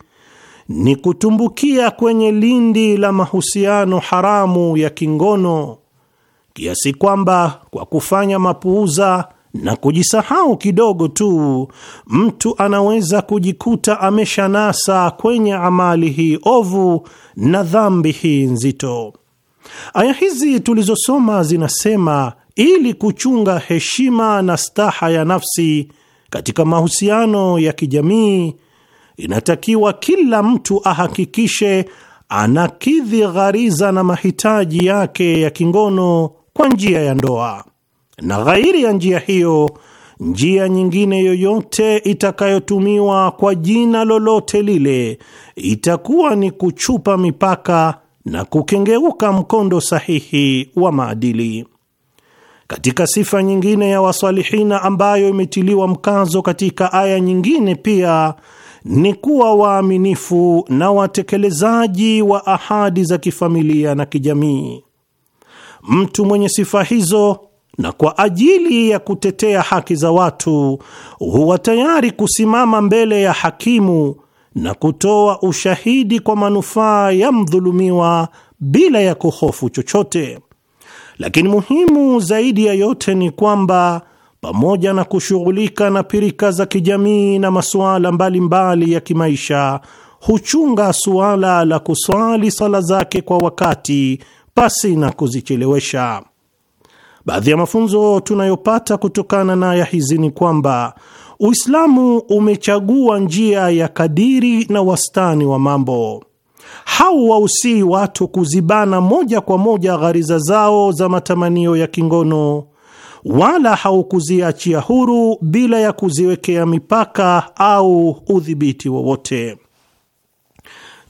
S3: ni kutumbukia kwenye lindi la mahusiano haramu ya kingono kiasi kwamba kwa kufanya mapuuza na kujisahau kidogo tu, mtu anaweza kujikuta ameshanasa kwenye amali hii ovu na dhambi hii nzito. Aya hizi tulizosoma zinasema ili kuchunga heshima na staha ya nafsi katika mahusiano ya kijamii, inatakiwa kila mtu ahakikishe anakidhi ghariza na mahitaji yake ya kingono kwa njia ya ndoa na ghairi ya njia hiyo, njia nyingine yoyote itakayotumiwa kwa jina lolote lile itakuwa ni kuchupa mipaka na kukengeuka mkondo sahihi wa maadili. Katika sifa nyingine ya wasalihina ambayo imetiliwa mkazo katika aya nyingine pia ni kuwa waaminifu na watekelezaji wa ahadi za kifamilia na kijamii. Mtu mwenye sifa hizo na kwa ajili ya kutetea haki za watu huwa tayari kusimama mbele ya hakimu na kutoa ushahidi kwa manufaa ya mdhulumiwa bila ya kuhofu chochote. Lakini muhimu zaidi ya yote ni kwamba pamoja na kushughulika na pirika za kijamii na masuala mbalimbali mbali ya kimaisha, huchunga suala la kuswali sala zake kwa wakati pasi na kuzichelewesha. Baadhi ya mafunzo tunayopata kutokana na aya hizi ni kwamba Uislamu umechagua njia ya kadiri na wastani wa mambo. Hauwausii watu kuzibana moja kwa moja ghariza zao za matamanio ya kingono, wala haukuziachia huru bila ya kuziwekea mipaka au udhibiti wowote.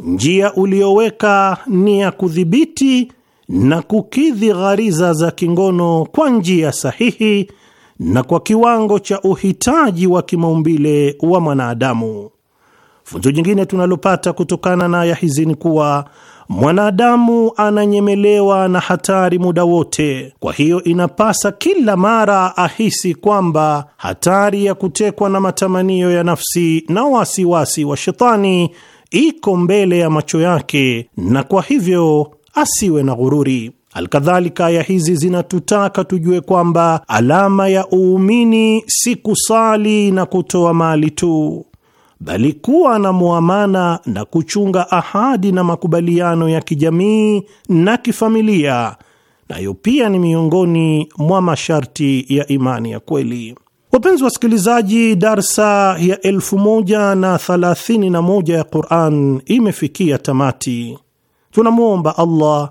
S3: Njia uliyoweka ni ya kudhibiti na kukidhi ghariza za kingono kwa njia sahihi na kwa kiwango cha uhitaji wa kimaumbile wa mwanadamu. Funzo jingine tunalopata kutokana na aya hizi ni kuwa mwanadamu ananyemelewa na hatari muda wote. Kwa hiyo inapasa kila mara ahisi kwamba hatari ya kutekwa na matamanio ya nafsi na wasiwasi wa shetani iko mbele ya macho yake, na kwa hivyo asiwe na ghururi. Alkadhalika, aya hizi zinatutaka tujue kwamba alama ya uumini si kusali na kutoa mali tu, bali kuwa na muamana na kuchunga ahadi na makubaliano ya kijamii na kifamilia, nayo pia ni miongoni mwa masharti ya imani ya kweli. Wapenzi wasikilizaji, darsa ya 131 ya Quran imefikia tamati Tunamwomba Allah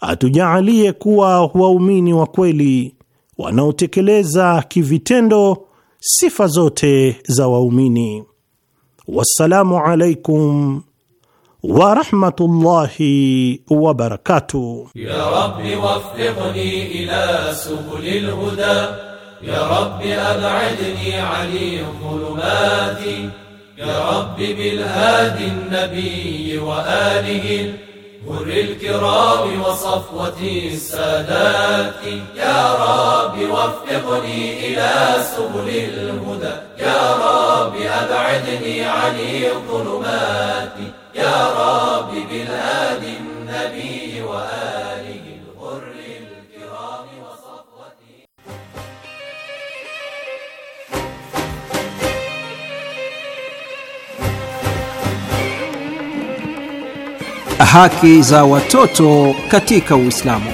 S3: atujaalie kuwa waumini wa kweli wanaotekeleza kivitendo sifa zote za waumini. Wassalamu alaikum wa rahmatullahi wa barakatuh. Ya
S4: Rabbi waffiqni ila subulil huda ya Rabbi ab'idni 'ani dhulumati ya Rabbi
S7: bil hadi an nabi wa alihi كر الكرام وصفوة
S4: السادات يا رب وفقني إلى سبل الهدى يا رب أبعدني عن الظلمات يا رب بالهادي النبي وآله
S6: Haki za watoto katika Uislamu.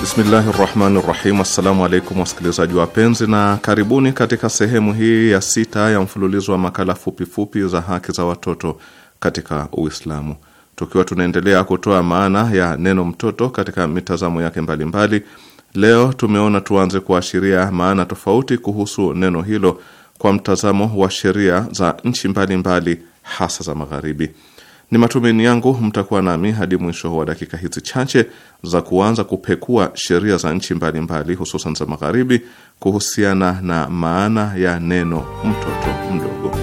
S1: Bismillahi rahmani rahim. Assalamu alaikum wasikilizaji wapenzi, na karibuni katika sehemu hii ya sita ya mfululizo wa makala fupifupi fupi za haki za watoto katika Uislamu, tukiwa tunaendelea kutoa maana ya neno mtoto katika mitazamo yake mbalimbali mbali Leo tumeona tuanze kuashiria maana tofauti kuhusu neno hilo kwa mtazamo wa sheria za nchi mbalimbali mbali, hasa za Magharibi. Ni matumaini yangu mtakuwa nami hadi mwisho wa dakika hizi chache za kuanza kupekua sheria za nchi mbalimbali hususan za Magharibi kuhusiana na maana ya neno mtoto mdogo.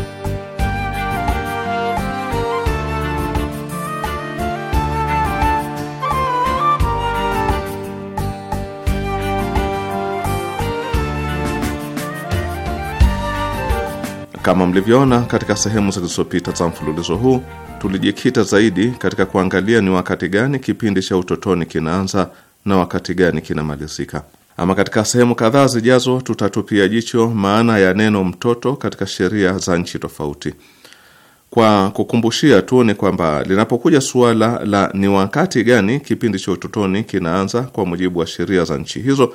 S1: Kama mlivyoona katika sehemu zilizopita za mfululizo huu, tulijikita zaidi katika kuangalia ni wakati gani kipindi cha utotoni kinaanza na wakati gani kinamalizika. Ama katika sehemu kadhaa zijazo, tutatupia jicho maana ya neno mtoto katika sheria za nchi tofauti. Kwa kukumbushia tu ni kwamba linapokuja suala la ni wakati gani kipindi cha utotoni kinaanza kwa mujibu wa sheria za nchi hizo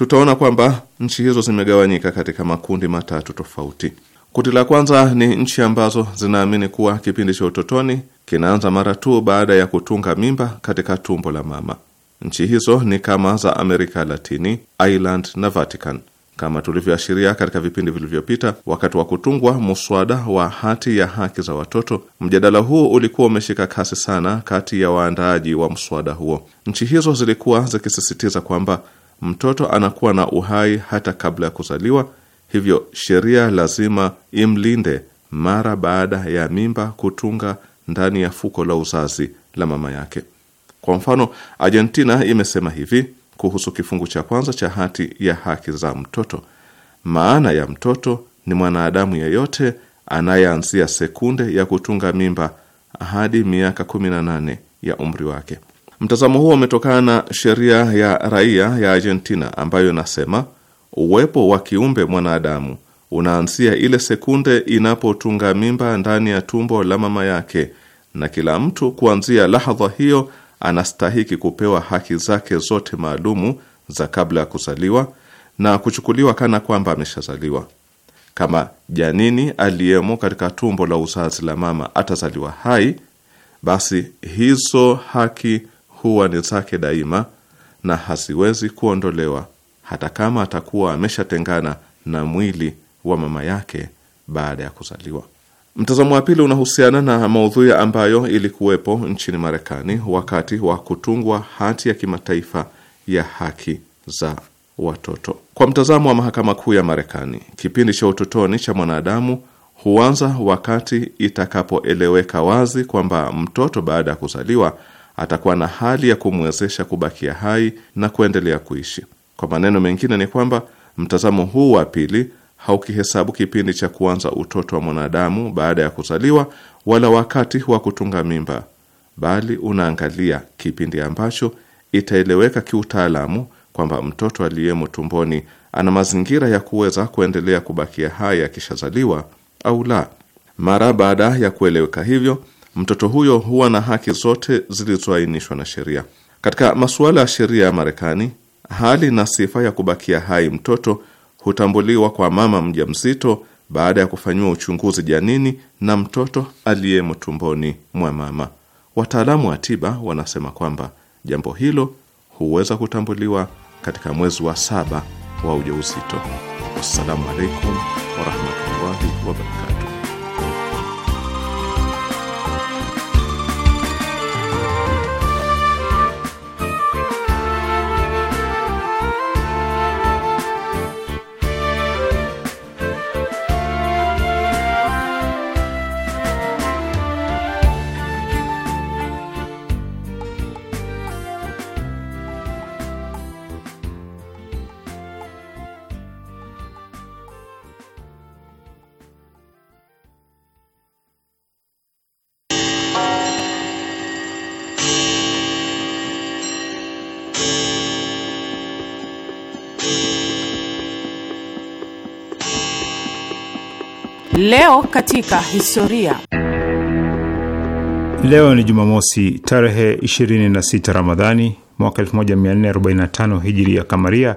S1: tutaona kwamba nchi hizo zimegawanyika katika makundi matatu tofauti. Kundi la kwanza ni nchi ambazo zinaamini kuwa kipindi cha utotoni kinaanza mara tu baada ya kutunga mimba katika tumbo la mama. Nchi hizo ni kama za Amerika Latini, Ireland na Vatican. Kama tulivyoashiria katika vipindi vilivyopita, wakati wa kutungwa muswada wa hati ya haki za watoto, mjadala huo ulikuwa umeshika kasi sana kati ya waandaaji wa mswada huo. Nchi hizo zilikuwa zikisisitiza kwamba mtoto anakuwa na uhai hata kabla ya kuzaliwa, hivyo sheria lazima imlinde mara baada ya mimba kutunga ndani ya fuko la uzazi la mama yake. Kwa mfano, Argentina imesema hivi kuhusu kifungu cha kwanza cha hati ya haki za mtoto: maana ya mtoto ni mwanadamu yeyote anayeanzia sekunde ya kutunga mimba hadi miaka 18 ya umri wake. Mtazamo huo umetokana na sheria ya raia ya Argentina ambayo inasema uwepo wa kiumbe mwanadamu unaanzia ile sekunde inapotunga mimba ndani ya tumbo la mama yake, na kila mtu kuanzia lahadha hiyo anastahiki kupewa haki zake zote maalumu za kabla ya kuzaliwa na kuchukuliwa kana kwamba ameshazaliwa. Kama janini aliyemo katika tumbo la uzazi la mama atazaliwa hai, basi hizo haki huwa ni zake daima na haziwezi kuondolewa hata kama atakuwa ameshatengana na mwili wa mama yake baada ya kuzaliwa. Mtazamo wa pili unahusiana na maudhui ambayo ilikuwepo nchini Marekani wakati wa kutungwa hati ya kimataifa ya haki za watoto. Kwa mtazamo wa mahakama kuu ya Marekani, kipindi cha utotoni cha mwanadamu huanza wakati itakapoeleweka wazi kwamba mtoto baada ya kuzaliwa atakuwa na hali ya kumwezesha kubakia hai na kuendelea kuishi. Kwa maneno mengine ni kwamba mtazamo huu wa pili haukihesabu kipindi cha kuanza utoto wa mwanadamu baada ya kuzaliwa wala wakati wa kutunga mimba, bali unaangalia kipindi ambacho itaeleweka kiutaalamu kwamba mtoto aliyemo tumboni ana mazingira ya kuweza kuendelea kubakia hai akishazaliwa au la. Mara baada ya kueleweka hivyo mtoto huyo huwa na haki zote zilizoainishwa na sheria. Katika masuala ya sheria ya Marekani, hali na sifa ya kubakia hai mtoto hutambuliwa kwa mama mjamzito baada ya kufanyiwa uchunguzi janini na mtoto aliyemo tumboni mwa mama. Wataalamu wa tiba wanasema kwamba jambo hilo huweza kutambuliwa katika mwezi wa saba wa ujauzito. Wassalamu alaikum warahmatullahi wabarakatu.
S7: Leo katika historia.
S5: Leo ni Jumamosi tarehe 26 Ramadhani mwaka 1445 hijiri ya kamaria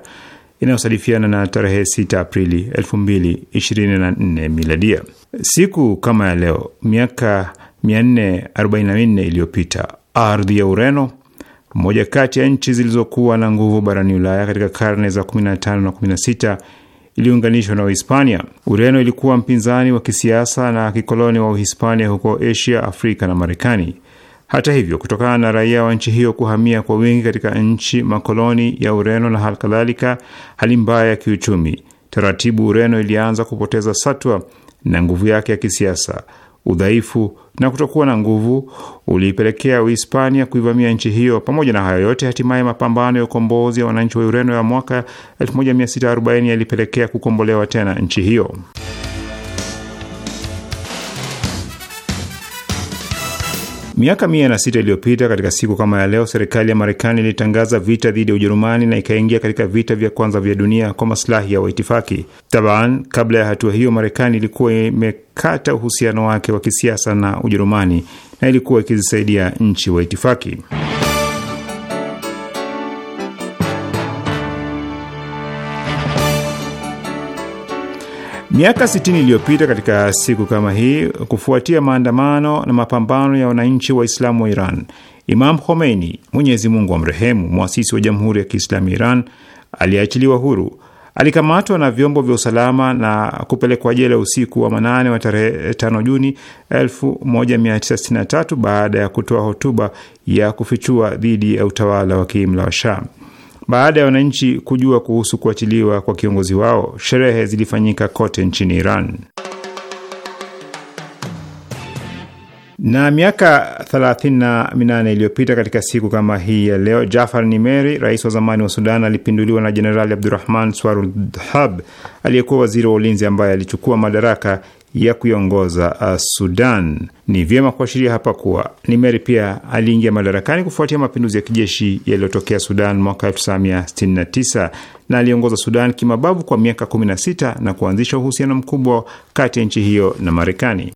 S5: inayosadifiana na tarehe 6 Aprili 2024 miladia. Siku kama ya leo miaka 444 iliyopita, ardhi ya Ureno, moja kati ya nchi zilizokuwa na nguvu barani Ulaya katika karne za 15 na 16 iliunganishwa na Uhispania. Ureno ilikuwa mpinzani wa kisiasa na kikoloni wa Uhispania huko Asia, Afrika na Marekani. Hata hivyo, kutokana na raia wa nchi hiyo kuhamia kwa wingi katika nchi makoloni ya Ureno na kadhalika hali mbaya ya kiuchumi, taratibu Ureno ilianza kupoteza satwa na nguvu yake ya kisiasa udhaifu na kutokuwa na nguvu uliipelekea Uhispania kuivamia nchi hiyo. Pamoja na hayo yote, hatimaye mapambano ya ukombozi ya wananchi wa Ureno ya mwaka 1640 yalipelekea kukombolewa tena nchi hiyo. Miaka mia na sita iliyopita katika siku kama ya leo, serikali ya Marekani ilitangaza vita dhidi ya Ujerumani na ikaingia katika vita vya kwanza vya dunia kwa masilahi ya waitifaki taban. Kabla ya hatua hiyo, Marekani ilikuwa imekata uhusiano wake wa kisiasa na Ujerumani na ilikuwa ikizisaidia nchi waitifaki. Miaka 60 iliyopita katika siku kama hii, kufuatia maandamano na mapambano ya wananchi Waislamu wa Iran, Imam Khomeini, Mwenyezi Mungu amrehemu, mwasisi wa Jamhuri ya Kiislamu Iran, aliyeachiliwa huru alikamatwa na vyombo vya usalama na kupelekwa jela usiku wa manane wa tarehe 5 Juni 1963 baada ya kutoa hotuba ya kufichua dhidi ya utawala wa kiimla wa sham baada ya wananchi kujua kuhusu kuachiliwa kwa kiongozi wao, sherehe zilifanyika kote nchini Iran. Na miaka 38 iliyopita katika siku kama hii ya leo, Jafar Nimeri, rais wa zamani wa Sudan, alipinduliwa na Jenerali Abdurahman Swarudhab aliyekuwa waziri wa ulinzi, ambaye alichukua madaraka ya kuiongoza uh, Sudan. Ni vyema kuashiria hapa kuwa Nimeri pia aliingia madarakani kufuatia mapinduzi ya kijeshi yaliyotokea Sudan mwaka 1969 na aliongoza Sudan kimabavu kwa miaka 16 na kuanzisha uhusiano mkubwa kati ya nchi hiyo na Marekani.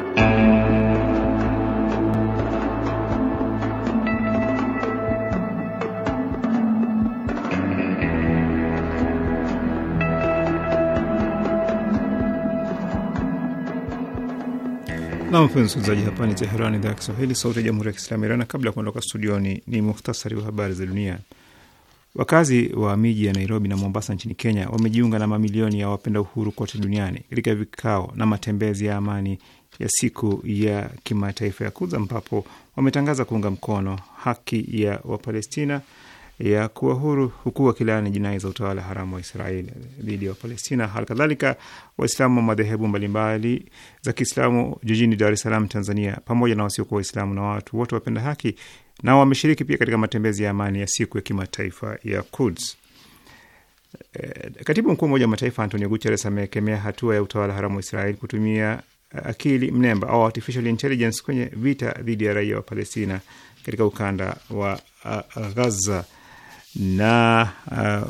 S5: Na mpenzi msikilizaji, hapa ni Teheran, idhaa ya Kiswahili, sauti ya jamhuri ya kiislamu Iran. kabla ya kuondoka studioni, ni muhtasari wa habari za dunia. Wakazi wa miji ya Nairobi na Mombasa nchini Kenya wamejiunga na mamilioni ya wapenda uhuru kote duniani katika vikao na matembezi ya amani ya siku ya kimataifa ya Kuds, ambapo wametangaza kuunga mkono haki ya Wapalestina ya kuwa huru huku wakilaani jinai za utawala haramu wa Israeli dhidi ya Wapalestina. Hali kadhalika Waislamu wa madhehebu mbalimbali za Kiislamu jijini Dar es Salaam, Tanzania, pamoja na wasiokuwa Waislamu na watu wote wapenda haki na wameshiriki pia katika matembezi ya amani ya siku ya kimataifa ya Quds. Eh, katibu mkuu wa Umoja wa Mataifa Antonio Guterres amekemea hatua ya utawala haramu wa Israel kutumia eh, akili mnemba au artificial intelligence kwenye vita dhidi ya raia wa Palestina katika ukanda wa eh, Gaza. Uh, na uh,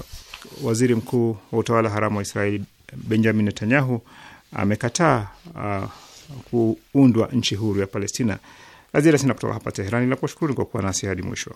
S5: waziri mkuu wa utawala haramu wa Israeli Benjamin Netanyahu amekataa uh, kuundwa nchi huru ya Palestina. Aziara sina kutoka hapa Teherani nakushukuru kwa kuwa nasi hadi mwisho